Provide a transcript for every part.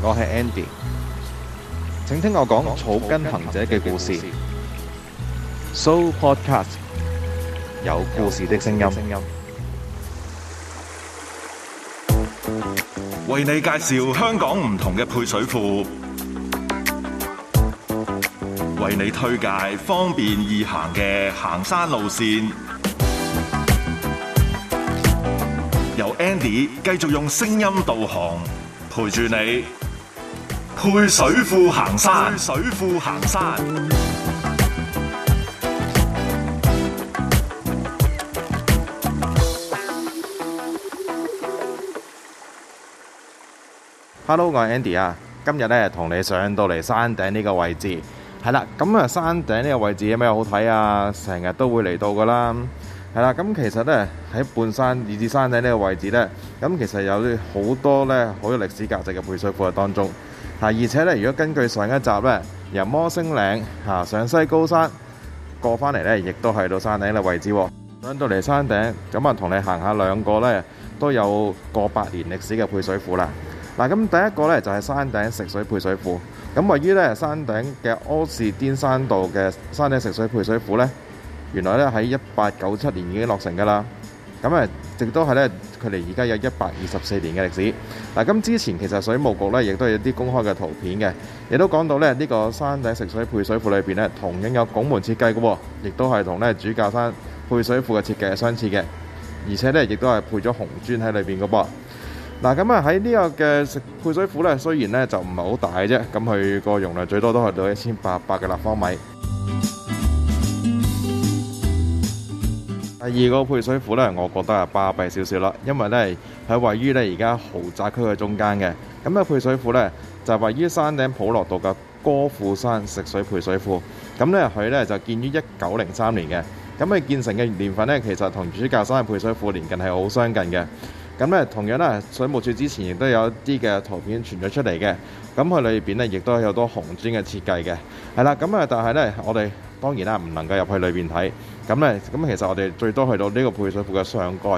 我係 Andy，請聽我講草根行者嘅故事。So Podcast 有故事的聲音，聲音為你介紹香港唔同嘅配水庫，為你推介方便易行嘅行山路線。由 Andy 繼續用聲音導航，陪住你。配水庫行山。配水庫行山。 Hello，我係 Andy 啊，今日咧同你上到嚟山頂呢個位置，係啦，咁啊山頂呢個位置有咩好睇啊？成日都會嚟到噶啦。係啦，咁其實呢，喺半山，以至山頂呢個位置呢，咁其實有啲好多呢，好有歷史價值嘅配水庫喺當中。吓，而且呢，如果根據上一集呢，由摩星嶺吓、啊、上西高山過返嚟呢，亦都係到山頂嘅位置。上到嚟山頂，咁啊同你行下兩個呢，都有過百年歷史嘅配水庫啦。嗱，咁第一個呢，就係、是、山頂食水配水庫，咁位於呢，山頂嘅柯士甸山道嘅山頂食水配水庫呢。原來咧喺一八九七年已經落成噶啦，咁誒，亦都係咧，距離而家有一百二十四年嘅歷史。嗱，咁之前其實水務局咧亦都係有啲公開嘅圖片嘅，亦都講到咧呢個山頂食水配水庫裏邊咧，同樣有拱門設計嘅，亦都係同咧主教山配水庫嘅設計相似嘅，而且咧亦都係配咗紅磚喺裏邊噶噃。嗱，咁啊喺呢個嘅食配水庫咧，雖然咧就唔係好大啫，咁佢個容量最多都係到一千八百嘅立方米。第二個配水庫咧，我覺得係巴閉少少啦，因為咧係位於咧而家豪宅區嘅中間嘅。咁咧配水庫咧就位於山頂普樂道嘅歌賦山食水配水庫。咁咧佢咧就建於一九零三年嘅。咁佢建成嘅年份咧，其實同主教山配水庫年近係好相近嘅。咁咧，同樣咧，水務署之前亦都有一啲嘅圖片傳咗出嚟嘅。咁佢裏邊咧，亦都有好多紅磚嘅設計嘅。係啦，咁啊，但係咧，我哋當然啦，唔能夠入去裏邊睇。咁咧，咁其實我哋最多去到呢個配水庫嘅上蓋。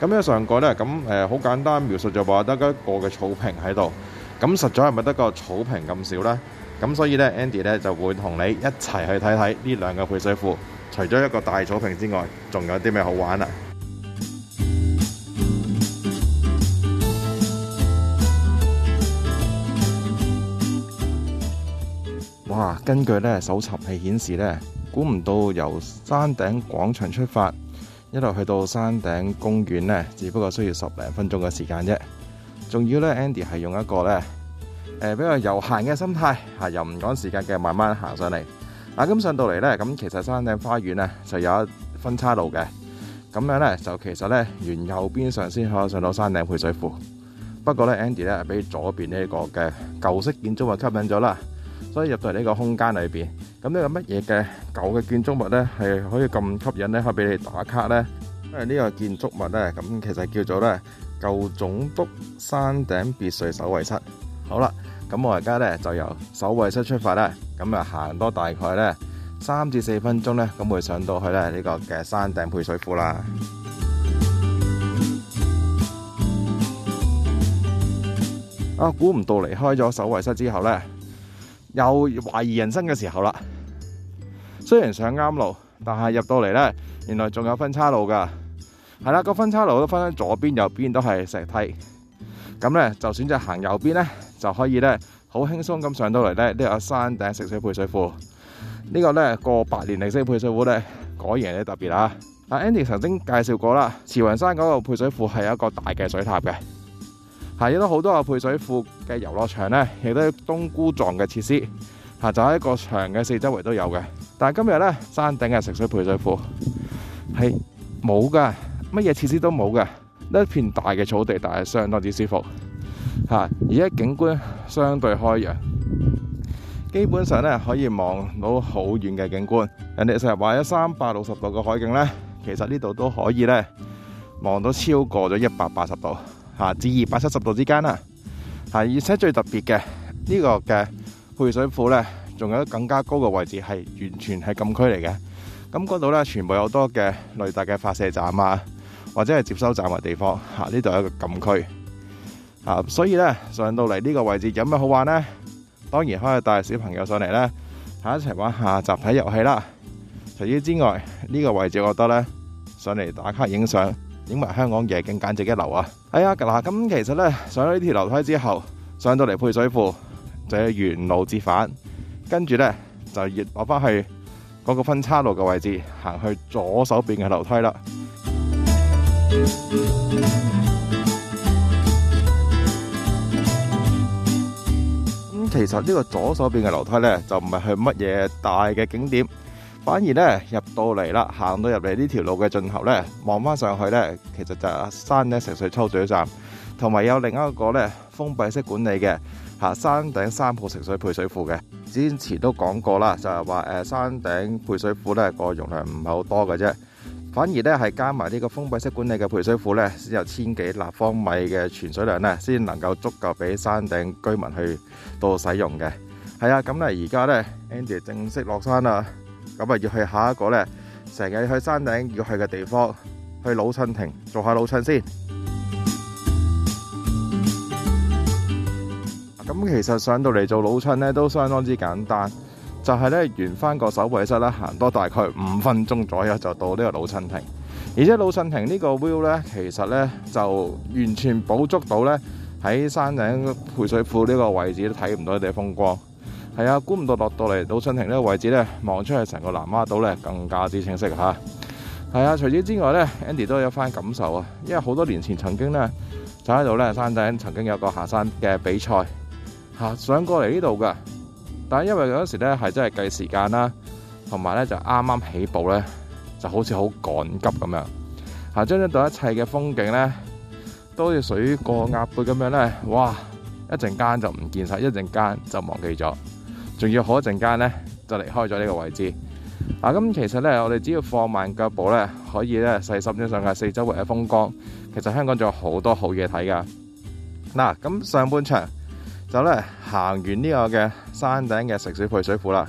咁呢個上蓋咧，咁誒好簡單描述就話得一個嘅草坪喺度。咁實在係咪得個草坪咁少咧？咁所以咧，Andy 咧就會同你一齊去睇睇呢兩個配水庫，除咗一個大草坪之外，仲有啲咩好玩啊？根據咧搜尋器顯示咧，估唔到由山頂廣場出發，一路去到山頂公園咧，只不過需要十零分鐘嘅時間啫。仲要咧，Andy 係用一個咧，誒比較悠閒嘅心態吓，又唔趕時間嘅，慢慢行上嚟。嗱，咁上到嚟咧，咁其實山頂花園咧就有一分岔路嘅。咁樣咧就其實咧，沿右邊上先可以上到山頂配水庫。不過咧，Andy 咧俾左邊呢一個嘅舊式建築物吸引咗啦。所以入到嚟呢個空間裏邊，咁呢個乜嘢嘅舊嘅建築物咧，係可以咁吸引咧，去俾你打卡咧？因為呢個建築物咧，咁其實叫做咧舊總督山頂別墅守衛室。好啦，咁我而家咧就由守衛室出發咧，咁啊行多大概咧三至四分鐘咧，咁會上到去咧呢個嘅山頂配水庫啦。啊，估唔到離開咗守衛室之後咧～又懷疑人生嘅時候啦，雖然上啱路，但係入到嚟咧，原來仲有分叉路噶。係啦，個分叉路都分左邊、右邊都係石梯。咁咧就選擇行右邊咧，就可以咧好輕鬆咁上到嚟咧呢個山頂食水配水庫。呢個咧過百年歷史配水庫咧，果然係啲特別啊！阿 Andy 曾經介紹過啦，慈雲山嗰度配水庫係一個大嘅水塔嘅。係亦都好多嘅配水庫嘅遊樂場咧，亦都係冬菇狀嘅設施。嚇、啊，就喺一個場嘅四周圍都有嘅。但係今日咧，山頂嘅食水配水庫係冇嘅，乜嘢設施都冇㗎。呢一片大嘅草地，但係相當之舒服。嚇、啊，而家景觀相對開揚，基本上咧可以望到好遠嘅景觀。人哋成日話有三百六十度嘅海景咧，其實呢度都可以咧望到超過咗一百八十度。啊，至二百七十度之間啦，啊，而且最特別嘅，這個，呢個嘅配水庫咧，仲有更加高嘅位置係完全係禁區嚟嘅。咁嗰度咧全部有多嘅雷達嘅發射站啊，或者係接收站嘅地方，吓，呢度係一個禁區，啊，所以咧上到嚟呢個位置有咩好玩呢？當然可以帶小朋友上嚟咧，一齊玩下集體遊戲啦。除此之外，呢，這個位置我覺得咧上嚟打卡影相。影埋香港夜景簡直一流啊！係、哎、啊，嗱，咁其實呢，上咗呢條樓梯之後，上到嚟配水庫就係沿路折返，跟住呢，就越落翻去嗰個分岔路嘅位置，行去左手邊嘅樓梯啦。咁、嗯、其實呢個左手邊嘅樓梯呢，就唔係去乜嘢大嘅景點。反而咧入到嚟啦，行到入嚟呢條路嘅盡頭咧，望翻上去咧，其實就係山頂食水抽水站，同埋有另一個咧封閉式管理嘅嚇。山頂三號食水配水庫嘅。之前都講過啦，就係話誒山頂配水庫咧個容量唔係好多嘅啫，反而咧係加埋呢個封閉式管理嘅配水庫咧先有千幾立方米嘅存水量咧，先能夠足夠俾山頂居民去到使用嘅。係啊，咁咧而家咧 Andy 正式落山啦。咁啊，要去下一個咧，成日去山頂要去嘅地方，去老襯亭做下老襯先。咁 其實上到嚟做老襯咧，都相當之簡單，就係、是、咧沿翻個手背室啦，行多大概五分鐘左右就到呢個老襯亭。而且老襯亭呢個 view 咧，其實咧就完全補足到咧喺山頂配水庫呢個位置都睇唔到啲風光。係啊，估唔到落到嚟到春庭呢個位置咧，望出去成個南丫島咧更加之清晰嚇。係啊，啊，除此之外咧，Andy 都有一番感受啊。因為好多年前曾經咧就喺度咧山頂，曾經有個下山嘅比賽吓、啊，想過嚟呢度噶，但係因為嗰時咧係真係計時間啦，同埋咧就啱啱起步咧就好似好趕急咁樣嚇，將一到一切嘅風景咧都似水過鴨背咁樣咧，哇！一陣間就唔見晒，一陣間就忘記咗。仲要好一陣間咧，就離開咗呢個位置啊！咁其實咧，我哋只要放慢腳步咧，可以咧細心咁上曬四周圍嘅風光。其實香港仲有好多好嘢睇㗎。嗱、啊，咁上半場就咧行完呢個嘅山頂嘅食水配水庫啦。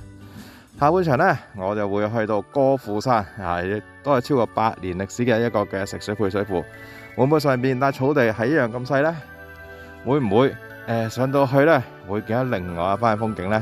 下半場咧，我就會去到歌賦山啊，都係超過百年歷史嘅一個嘅食水配水庫。會唔會上邊？但係草地係一樣咁細咧？會唔會誒、呃、上到去咧會見到另外一番風景咧？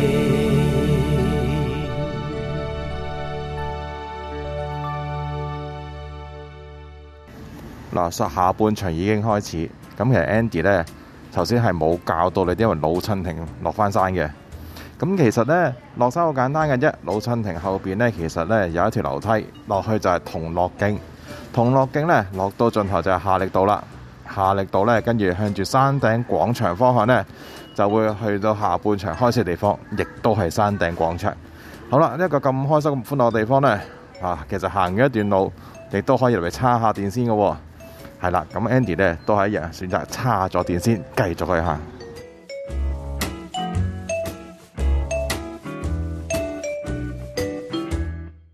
垃圾下半場已經開始。咁，其實 Andy 呢，頭先係冇教到你啲，因為老親亭落翻山嘅。咁其實呢，落山好簡單嘅啫。老親亭後邊呢，其實呢，有一條樓梯落去就係同樂徑，同樂徑呢，落到盡頭就係夏力道啦。夏力道呢，跟住向住山頂廣場方向呢，就會去到下半場開始嘅地方，亦都係山頂廣場。好啦，呢一個咁開心咁歡樂嘅地方呢，啊，其實行完一段路亦都可以嚟叉下電先嘅喎。係啦，咁 Andy 咧，都係一樣選擇叉咗電先，繼續去行。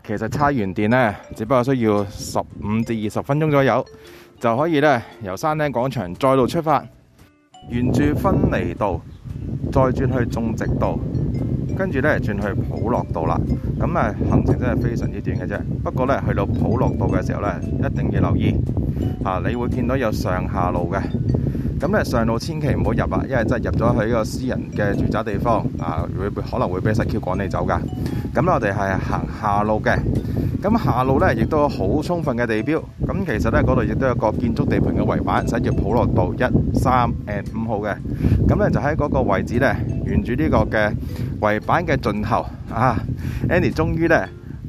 其實叉完電呢，只不過需要十五至二十分鐘左右，就可以呢，由山頂廣場再度出發，沿住分離道，再轉去種植道，跟住咧，轉去普樂道啦。咁、嗯、啊，行程真係非常之短嘅啫。不過咧，去到普樂道嘅時候咧，一定要留意啊！你會見到有上下路嘅。咁、嗯、咧，上路千祈唔好入啊，因為真係入咗去呢個私人嘅住宅地方啊，會可能會俾細 Q 趕你走㗎。咁、嗯、我哋係行下路嘅。咁下路咧，亦都有好充分嘅地標。咁其實咧，嗰度亦都有個建築地盤嘅圍板，寫住普樂道一三誒五號嘅。咁咧就喺嗰個位置咧，沿住呢個嘅圍板嘅盡頭啊，Annie 終於咧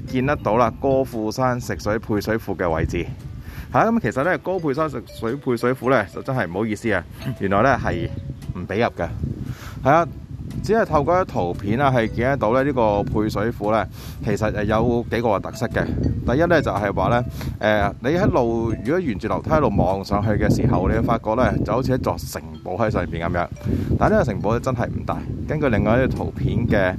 見得到啦，高富山食水配水庫嘅位置。嚇、啊，咁其實咧，高富山食水配水庫咧，就真係唔好意思啊，原來咧係唔俾入嘅。係啊。只係透過一啲圖片啦，係見得到咧呢個配水庫咧，其實係有幾個特色嘅。第一咧就係話咧，誒、呃、你喺路如果沿住樓梯一路望上去嘅時候，你會發覺咧就好似一座城堡喺上邊咁樣。但呢個城堡咧真係唔大。根據另外一啲圖片嘅誒、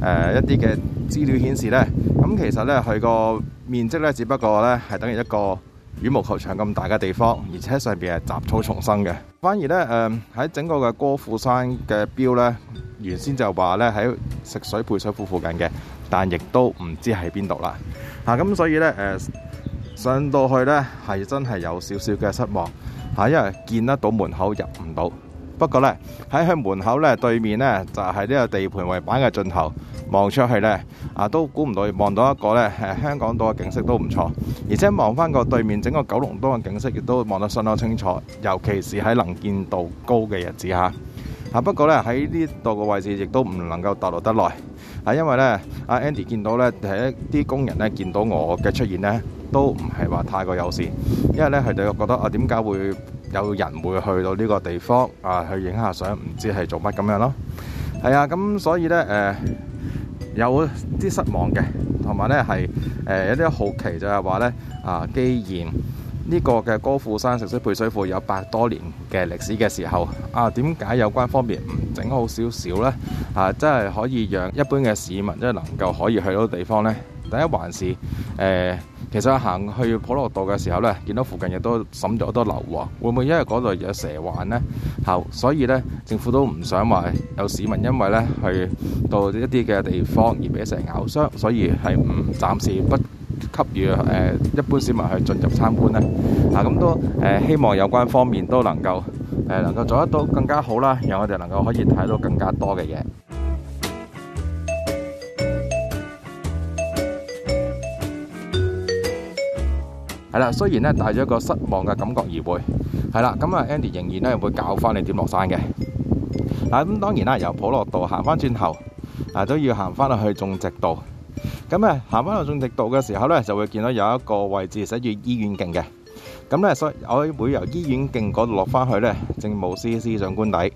呃、一啲嘅資料顯示咧，咁其實咧佢個面積咧只不過咧係等於一個羽毛球場咁大嘅地方，而且上邊係雜草叢生嘅。反而咧誒喺整個嘅歌賦山嘅標咧。原先就話咧喺食水配水庫附近嘅，但亦都唔知喺邊度啦。嚇、啊、咁所以呢，誒、呃、上到去呢係真係有少少嘅失望嚇、啊，因為見得到門口入唔到。不過呢，喺佢門口呢，對面呢就係、是、呢個地盤圍板嘅盡頭，望出去呢，啊都估唔到望到一個呢誒、啊、香港島嘅景色都唔錯，而且望返個對面整個九龍東嘅景色亦都望得相當清楚，尤其是喺能見度高嘅日子嚇。啊。啊！不過咧，喺呢度個位置亦都唔能夠逗留得耐，係因為咧，阿 Andy 見到咧，係一啲工人咧見到我嘅出現咧，都唔係話太過友善，因為咧佢哋覺得啊，點解會有人會去到呢個地方啊去影下相，唔知係做乜咁樣咯？係啊，咁所以咧誒有啲失望嘅，同埋咧係誒一啲好奇，就係話咧啊，既然。呢個嘅歌賦山食水配水庫有百多年嘅歷史嘅時候，啊點解有關方面唔整好少少咧？啊，真係可以讓一般嘅市民即係能夠可以去到地方咧。第一還是誒，其實行去普樂道嘅時候咧，見到附近亦都滲咗好多流喎。會唔會因為嗰度有蛇患咧？後所以咧政府都唔想話有市民因為咧去到一啲嘅地方而俾蛇咬傷，所以係唔暫時不。給予誒一般市民去進入參觀咧，啊咁都誒希望有關方面都能夠誒能夠做得到更加好啦，讓我哋能夠可以睇到更加多嘅嘢。係啦，雖然咧帶咗一個失望嘅感覺而回，係啦，咁啊 Andy 仍然咧會搞翻你點落山嘅。啊咁，當然啦，由普樂道行翻轉頭，啊都要行翻落去種植道。咁誒行翻去中直道嘅時候咧，就會見到有一個位置寫住醫院徑嘅。咁咧，所以我會由醫院徑嗰度落翻去咧，政務司司長官邸，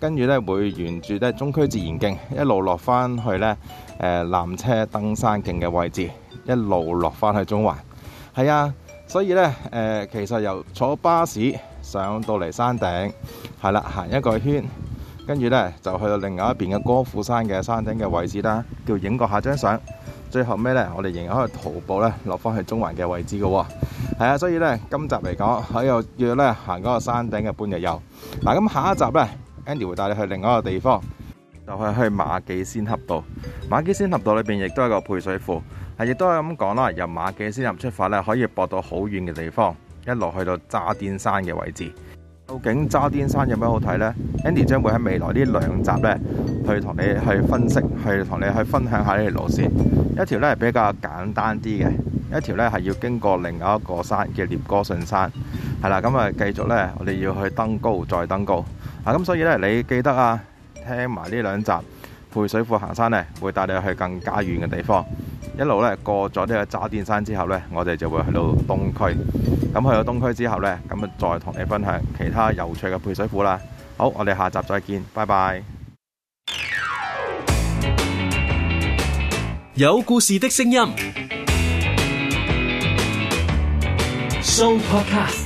跟住咧會沿住咧中區自然徑一路落翻去咧誒纜車登山徑嘅位置，一路落翻去中環。係啊，所以咧誒，其實由坐巴士上到嚟山頂，係啦行一個圈，跟住咧就去到另外一邊嘅歌賦山嘅山頂嘅位置啦，叫影個下張相。最後尾咧，我哋仍然可以徒步咧落翻去中環嘅位置噶。哦，係啊，所以咧今集嚟講，我又約咧行嗰個山頂嘅半日遊。嗱，咁下一集咧，Andy 會帶你去另外一個地方， 就係去馬己仙峽道。馬己仙峽道裏邊亦都係個配水庫，係亦都係咁講啦。由馬己仙峽出發咧，可以駁到好遠嘅地方，一路去到渣甸山嘅位置。究竟渣甸山有咩好睇呢？Andy 將會喺未來呢兩集呢，去同你去分析，去同你去分享下呢條路線。一條呢係比較簡單啲嘅，一條呢係要經過另一個山嘅聶高信山。係啦，咁啊，繼續呢，我哋要去登高再登高。啊，咁所以呢，你記得啊，聽埋呢兩集《背水庫行山》呢，會帶你去更加遠嘅地方。一路咧過咗呢個渣甸山之後咧，我哋就會去到東區。咁去到東區之後咧，咁啊再同你分享其他有趣嘅配水庫啦。好，我哋下集再見，拜拜。有故事的聲音 s o Podcast。